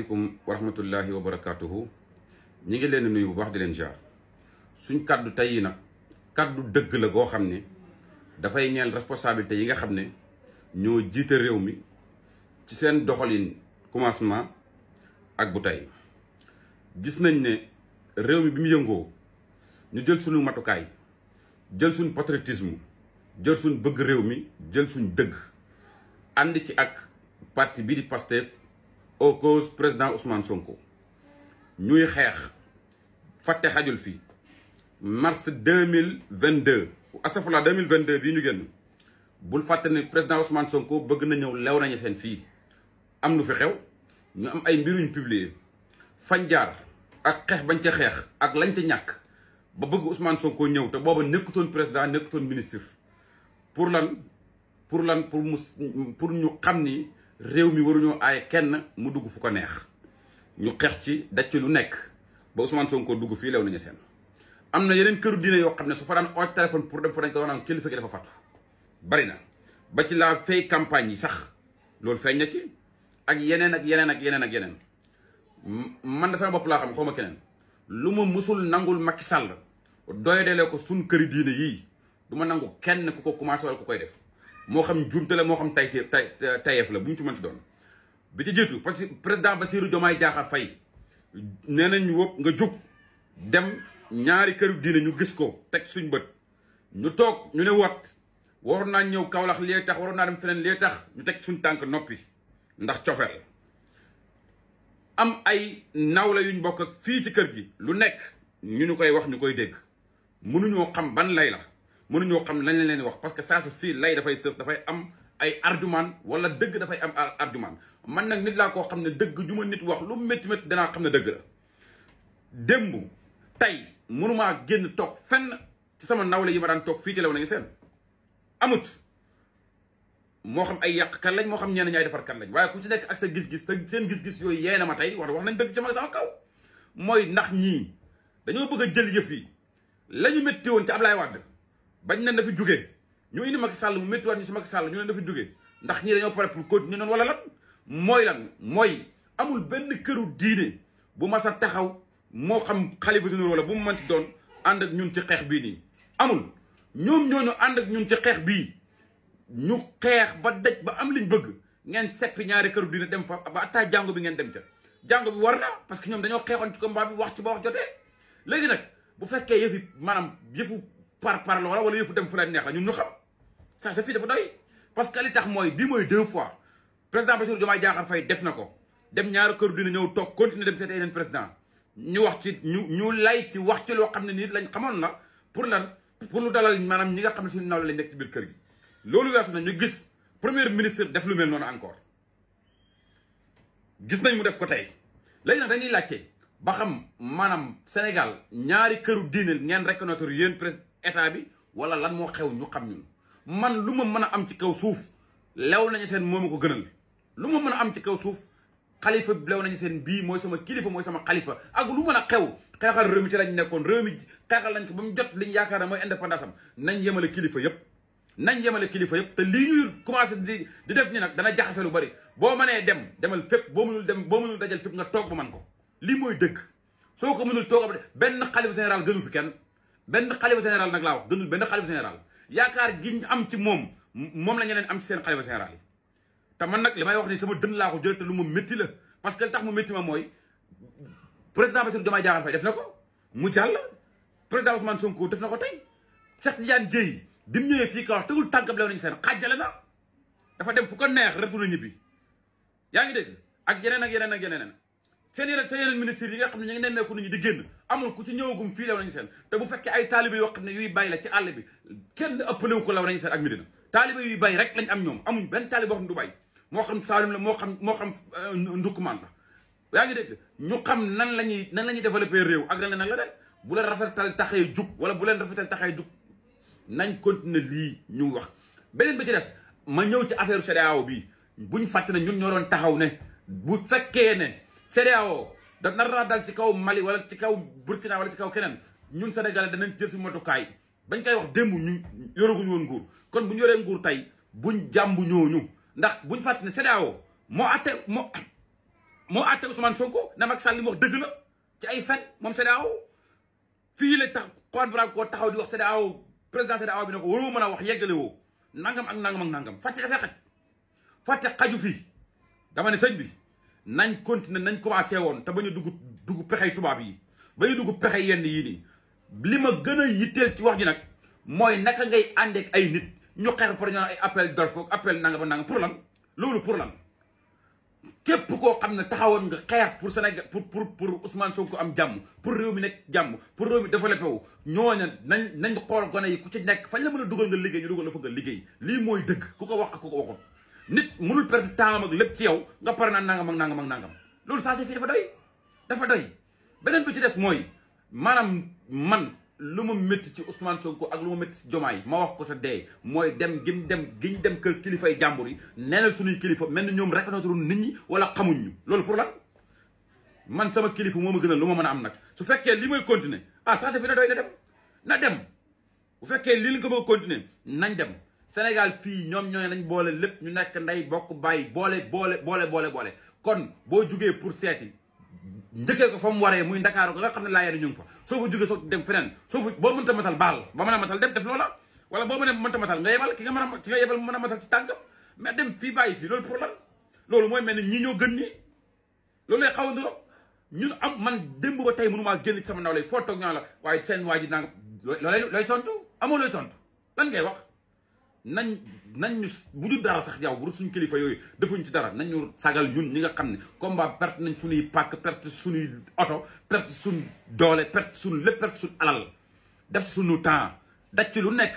asalaamaaleykum wa rahmatullahi wa barakaatuhu ñi ngi leen di nuyu bu baax di leen jaar suñ kàddu tey nag kàddu dëgg la goo xam ne dafay ñeel responsabilité yi nga xam ne ñoo jiite réew mi ci seen doxalin commencement ak bu tey gis nañ ne réew mi bi mu yëngoo ñu jël suñu matukaay jël suñu patriotisme jël suñu bëgg réew mi jël suñu dëgg ànd ci ak parti bi di Pastef aux causes président Ousmane Sonko ñuy xeex fàtte xajul fii mars deux mille vingt deux asafula deux mille vingt bii ñu génn bul fàtte ne président Ousmane Sonko bëgg na ñëw lew nañu seen fii am lu fi xew ñu am ay mbiruñ publier fañ jaar ak xeex bañ ca xeex ak lañ ca ñàkk ba bëgg Ousmane Sonko ñëw te booba nekkutoon président nekkutoon ministre pour lan pour lan pour mu pour ñu xam ni. réew mi waruñoo aaye kenn mu dugg fu ko neex ñu xeex ci daj ci lu nekk ba Ousmane Sonko dugg fii lew nañu seen am na yeneen këru diine yoo xam ne su fa daan ooj téléphone pour dem fa dañ ko wax naan kilifa gi dafa bari na ba ci la fay campagne yi sax loolu feeñ na ci ak yeneen ak yeneen ak yeneen ak yeneen man da sama laa xam xaw ma keneen lu ma musul nangul Macky Sall doyadele ko suñ këri diine yii du ma nangu kenn ku ko commencé wala ku koy def moo xam njuumte la moo xam tay tay tayeef la bu mu ci mënti doon bi ci jiitu parce ba président Bassirou Diomaye Diakhar Faye nee nañ wop nga jóg dem ñaari këru diine ñu gis ko teg suñ bët ñu toog ñu ne wat waroon naa ñëw Kaolack lee tax waroon naa dem feneen lee tax ñu teg suñ tànk noppi ndax cofeel am ay nawla yuñ bokk ak fii ci kër gi lu nekk ñu ñu koy wax ñu koy dégg mënuñoo xam ban lay la mënu ñoo xam lañ leen wax parce que ça su fii lay da dafay da fay am ay argument wala deug da fay am argument man nak nit la ko xamne deug juma nit wax lu métti métti dana xamne deug dëgg la démb tey mënumaa génn tok fenn ci sama nawle yi ma daan toog fii ci lew nañu sen amut mo xam ay yak kan lañ mo xam ñeneen ñay defar kan lañ waye ku ci nek ak sa gis-gis te sen gis-gis yoy yee ma tay war wax nañ deug ci ma sama kaw moy ndax ñi dañu bëgg jël yëf yi lañu métti won ci ablay wad bañ na fi jugé ñu indi Macky Sall mu wat ñu ci Macky Sall ñu na fi jugé ndax ñi dañu paré pour continuer non wala lan moy lan moy amul benn këru diiné bu ma sa taxaw mo xam khalifa sunu wala bu mu mënti doon and ak ñun ci xex bi ni amul ñom ñooñu and ak ñun ci xex bi ñu xex ba daj ba am liñ bëgg ngeen seppi ñaari këru diiné dem fa ba attaa jangu bi ngeen dem ci jangu bi warna parce que ñom dañu xexon ci combat bi wax ci ba wax jotté légui nak bu fekke yëfi manam yëfu par par loola wala yëfu dem fu leen neex la ñun ñu xam ça suffit dafa doy parce que li tax mooy bi mooy deux fois président Bassirou Diomaye Diakhar fay def na ko dem ñaari kër dina ñëw toog continuer dem seete président ñu wax ci ñu ñu lay ci wax ci loo xam ne nii lañ xamoon la pour lan pour lu maanaam ñi nga xam ne suñu naw lañ nekk ci biir kër loolu weesu na ñu gis premier ministre def lu mel noonu encore gis nañ mu def ko tey léegi nag dañuy laajte ba xam maanaam Sénégal ñaari këru diine ngeen reconnaître yéen président état bi wala lan moo xew ñu xam ñun man lu ma mën a am ci kaw suuf lew nañu seen moo ma ko gënal lu ma mën a am ci kaw suuf xalifa lew nañu seen bii mooy sama kilifa mooy sama xalifa ak lu mën xew xeexal réew mi ci lañ nekkoon réew mi xeexal nañ ko ba jot liñ yaakaar ne indépendance am nañ yemale kilifa yëpp nañ yemale kilifa yëpp te lii ñuy commencé di di def ni nag dana jaxase lu bari boo mënee dem demal fépp boo mënul dem boo mënul dajal fépp nga toog ba man ko lii mooy dëgg soo mënul toog benn xalifa général gënu fi kenn benn xalifa général nag laa wax gënul benn xalifa général yaakaar gi ñu am ci moom moom la ñeneen am ci seen xalifa général yi te man nag li may wax ni sama dënn laa ko jëlee te lu ma métti la parce que tax mu métti ma mooy président Bassirou Diomaye Diakhar Faye def na ko mu jàll président Ousmane Sonko def na ko tey Cheikh Tidiane Dièye bi mu ñëwee fii ka wax tegul tànkam lew ñu seen xaajale na dafa dem fu ko neex retourné ñibbi yaa ngi dégg ak yeneen ak yeneen ak yeneen seen yi rek seen yeneen ministres yi nga xam ne ñu ngi nemmeeku nit ñi di génn amul ku ci ñëwagum fii law nañu seen te bu fekkee ay taalibe yoo xam ne yuy bàyyi la ci àll bi kenn ëppale wu ko law nañu seen ak Medina taalibe yuy bàyyi rek lañ am ñoom amuñ benn taalibe boo xam du bàyyi moo xam Saalum la moo xam moo xam Ndukkumaan la yaa ngi dégg ñu xam nan la ñuy nan la ñuy développé réew ak nan la nan la de bu leen rafetal taxee jug wala bu leen rafetal taxee jug nañ continuer lii ñu wax beneen bi ci des ma ñëw ci affaire CEDEAO bi buñ fàtte ne ñun ñoo doon taxaw ne bu fekkee ne CEDEAO da nar naa dal ci kaw Mali wala ci kaw Burkina wala ci kaw keneen ñun sénégalais danañ ci jël suñu matukaay bañ koy wax démb ñu yoraguñu woon nguur kon bu ñu yoree nguur tey buñ jàmb ñooñu ndax buñ fàtte ne CEDEAO moo atte moo moo atte Ousmane Sonko na Macky Sall li mu wax dëgg la ci ay fen moom CEDEAO fii la tax Juan Branco taxaw di wax CEDEAO président CEDEAo bi na ko waroo mën a wax yeggale woo nangam ak nangam ak nangam fàtte dafay xaj fàtte xaju fii bi nañ continuer nañ commencé woon te ba ñu dugg dugg pexey tubaab yi ba ñu dugg pexey yenn yii nii li ma gën a yitteel ci wax ji nag mooy naka ngay àndeek ay nit ñu xeex pour ñu ay appel d'offre appel nanga ba nanga pour lan loolu pour lan képp koo xam ne taxawoon nga xeex pour Sénégal pour pour pour Ousmane Sonko am jàmm pour réew mi nekk jàmm pour réew mi développé wu ñooña nañ nañ xool gone yi ku ci nekk fañ la mën a dugal nga liggéey ñu dugal la nga liggéey lii mooy dëgg ku ko wax ko waxut nit mënul perdre temps ak lépp ci yow nga pare naa nangam ak nangam ak loolu ça c'est fii dafa doy dafa doy beneen bu ci des mooy maanaam man lu ma metti ci Ousmane Sonko ak lu ma métti ci Jomaay ma wax ko sa dee mooy dem gim dem giñ dem kër kilifay jàmbur yi neenal suñuy kilifa mel na ñoom reconnaître nit ñi wala xamuñ ñu loolu pour lan man sama kilifa moom moo ma gënal lu ma mën a am nag su fekkee li may continuer ah ça c'est fii na doy na dem na dem bu fekkee li la nga ma nañ dem Sénégal fii ñoom ñooy nañ boole lépp ñu nekk ndey bokk bàyyi boole boole boole boole boole kon boo jugee pour seeti njëkkee ko fa mu waree muy Ndakaaru ko nga xam ne laa yéene ñu ngi fa soo fa jugee soo dem feneen soo fa boo mënta matal baal ba mën a matal dem def loola wala boo mën a mënta matal nga yebal ki nga mën a ki nga yebal mën a dem fii bàyyi fii loolu pour lan loolu mooy mel ni ñi ñoo gën ñi loolu lay xaw ndoro ñun am man démb ba tey mënumaa génn ci sama ndaw lay foo toog ñoo la waaye seen waa ji nanga looy looy tontu amoo looy tontu lan ngay wax nañ nañ ñu bu dul dara sax yow bu suñ kilifa yooyu defuñ ci dara nañ ñu sagal ñun ñi nga xam ne combat perte nañ suñuy pàkk perte suñuy oto perte suñ doole perte suñ lépp perte suñ alal def suñu temps daj ci lu nekk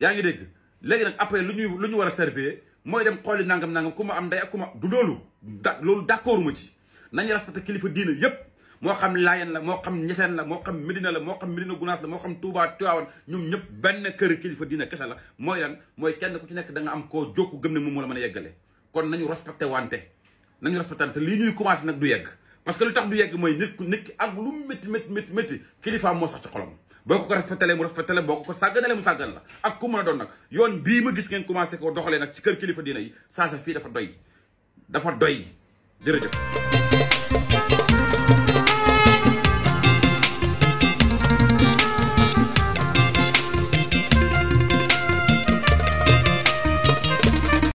yaa ngi dégg léegi nag après lu ñuy lu ñu war a servir mooy dem xooli nangam nangam ku ma am ndey ak ku ma du loolu da loolu d'accord ci nañ respecté kilifa diina yépp moo xam Laayeen la moo xam Ñaseen la moo xam Medina la moo xam Medina Gunaas la moo xam Touba Tiwaawan ñoom ñëpp benn kër kilifa diina kese la mooy lan mooy kenn ku ci nekk da nga am koo jokku gëm ne moom moo la mën a yeggale kon nañu wante nañu respecté wante lii commencé nag du yegg parce que lu tax yegg mooy nit ku nit ki ak lu métti métti métti métti kilifa moo sax ci xolom boo ko ko respecté le mu respecté boo ko ko sàgganale mu sàggan la ak ku mën a doon nag yoon bii ma gis ngeen commencé ko doxalee nag ci kër kilifa diina yi saa sa fii dafa doy dafa doy jërëjëf